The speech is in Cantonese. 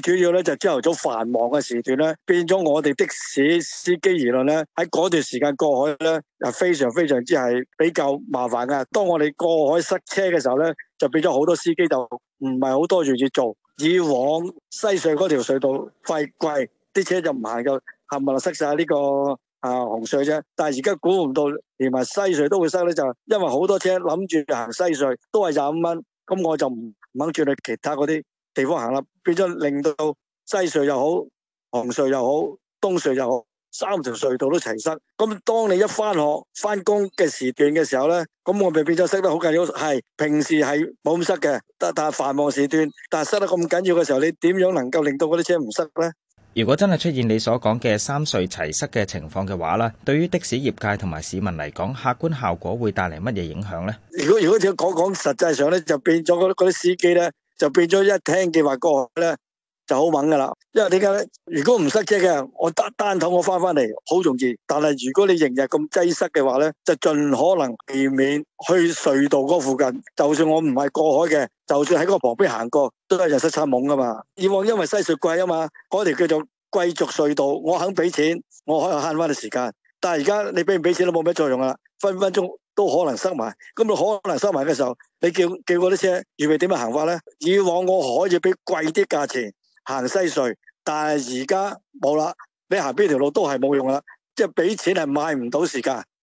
主要咧就朝、是、頭早繁忙嘅時段咧，變咗我哋的士司機而論咧，喺嗰段時間過海咧，又非常非常之係比較麻煩噶。當我哋過海塞車嘅時候咧，就變咗好多司機就唔係好多嘢做。以往西隧嗰條隧道費貴，啲車就唔行夠，冚唪唥塞晒呢個啊紅隧啫。但係而家估唔到，連埋西隧都會塞咧，就因為好多車諗住行西隧都係廿五蚊，咁我就唔掹住你其他嗰啲。地方行啦，變咗令到西隧又好，紅隧又好，東隧又好，三條隧道都齊塞。咁當你一翻學、翻工嘅時段嘅時候咧，咁我咪變咗塞得好緊要。係平時係冇咁塞嘅，但但係繁忙時段，但係塞得咁緊要嘅時候，你點樣能夠令到嗰啲車唔塞咧？如果真係出現你所講嘅三隧齊塞嘅情況嘅話啦，對於的士業界同埋市民嚟講，客觀效果會帶嚟乜嘢影響咧？如果如果講講實際上咧，就變咗嗰啲司機咧。就變咗一聽計劃過海咧，就好猛噶啦，因為點解咧？如果唔塞車嘅，我單單頭我翻翻嚟好容易。但係如果你仍然咁擠塞嘅話咧，就盡可能避免去隧道嗰附近。就算我唔係過海嘅，就算喺嗰旁邊行過，都係日塞餐懵噶嘛。以往因為西隧貴啊嘛，嗰條叫做貴族隧道，我肯俾錢，我可以慳翻啲時間。但係而家你俾唔俾錢都冇咩作用啦，分分鐘。都可能塞埋，咁你可能塞埋嘅時候，你叫叫嗰啲車預備點樣行法咧？以往我可以俾貴啲價錢行西隧，但係而家冇啦，你行邊條路都係冇用啦，即係俾錢係買唔到時間。